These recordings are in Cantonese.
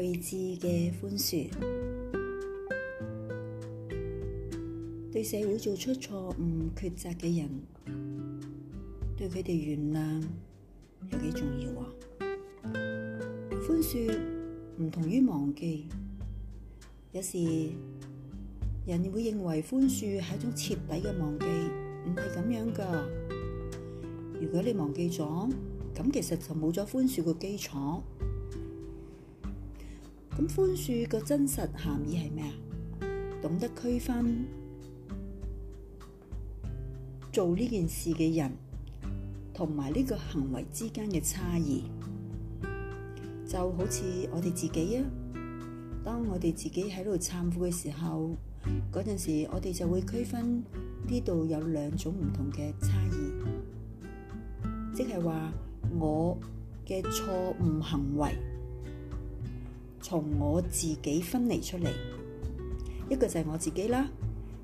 睿智嘅寬恕，對社會做出錯誤抉擇嘅人，對佢哋原諒有幾重要啊？寬恕唔同於忘記，有時人會認為寬恕係一種徹底嘅忘記，唔係咁樣噶。如果你忘記咗，咁其實就冇咗寬恕嘅基礎。咁寬恕個真實含義係咩啊？懂得區分做呢件事嘅人同埋呢個行為之間嘅差異，就好似我哋自己啊。當我哋自己喺度懺悔嘅時候，嗰陣時我哋就會區分呢度有兩種唔同嘅差異，即係話我嘅錯誤行為。同我自己分離出嚟。一個就係我自己啦，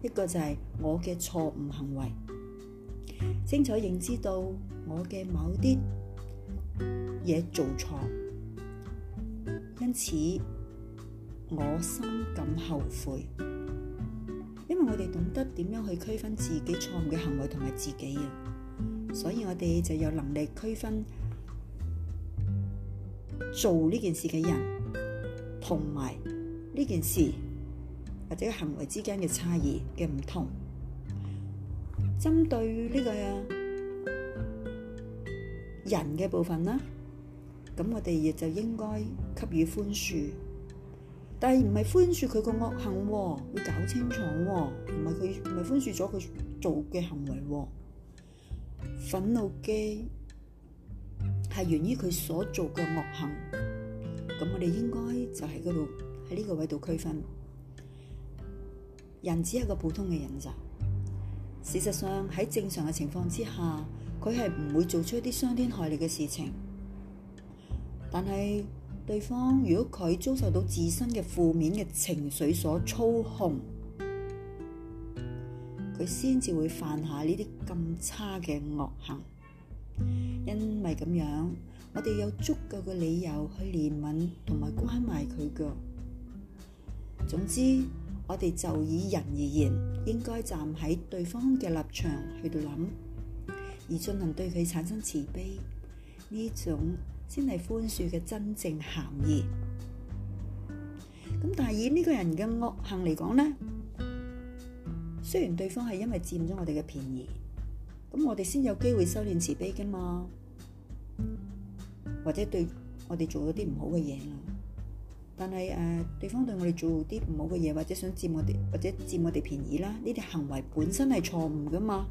一個就係我嘅錯誤行為。清楚認知到我嘅某啲嘢做錯，因此我深感後悔。因為我哋懂得點樣去區分自己錯誤嘅行為同埋自己啊，所以我哋就有能力區分做呢件事嘅人，同埋呢件事或者行為之間嘅差異嘅唔同，針對呢個人嘅部分啦，咁我哋亦就應該給予寬恕。但係唔係寬恕佢個惡行，要搞清楚，唔係佢唔係寬恕咗佢做嘅行為。憤怒嘅係源於佢所做嘅惡行。咁我哋應該就喺嗰度，喺呢個位度區分。人只係個普通嘅人咋，事實上喺正常嘅情況之下，佢係唔會做出一啲傷天害理嘅事情。但係對方如果佢遭受到自身嘅負面嘅情緒所操控，佢先至會犯下呢啲咁差嘅惡行，因為咁樣。我哋有足夠嘅理由去憐憫同埋關懷佢嘅。總之，我哋就以人而言，應該站喺對方嘅立場去度諗，而進行對佢產生慈悲。呢種先係寬恕嘅真正含義。咁但係以呢個人嘅惡行嚟講咧，雖然對方係因為佔咗我哋嘅便宜，咁我哋先有機會修煉慈悲噶嘛。或者對我哋做咗啲唔好嘅嘢啦，但係誒，對方對我哋做啲唔好嘅嘢，或者想佔我哋，或者佔我哋便宜啦，呢啲行為本身係錯誤噶嘛，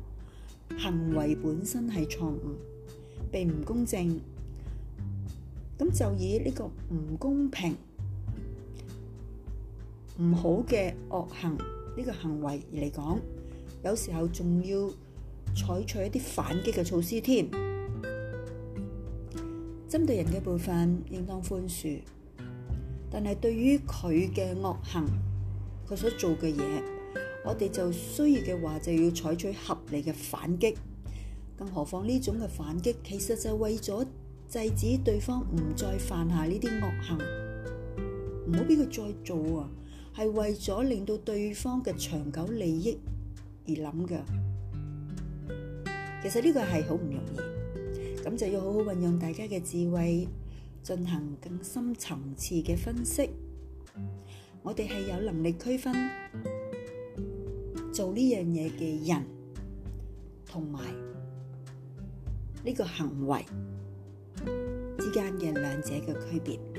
行為本身係錯誤，並唔公正。咁就以呢個唔公平、唔好嘅惡行呢個行為嚟講，有時候仲要採取一啲反擊嘅措施添。針對人嘅部分，應當寬恕；但係對於佢嘅惡行，佢所做嘅嘢，我哋就需要嘅話就要採取合理嘅反擊。更何況呢種嘅反擊，其實就係為咗制止對方唔再犯下呢啲惡行，唔好俾佢再做啊！係為咗令到對方嘅長久利益而諗嘅。其實呢個係好唔容易。咁就要好好運用大家嘅智慧，進行更深層次嘅分析。我哋係有能力區分做呢樣嘢嘅人，同埋呢個行為之間嘅兩者嘅區別。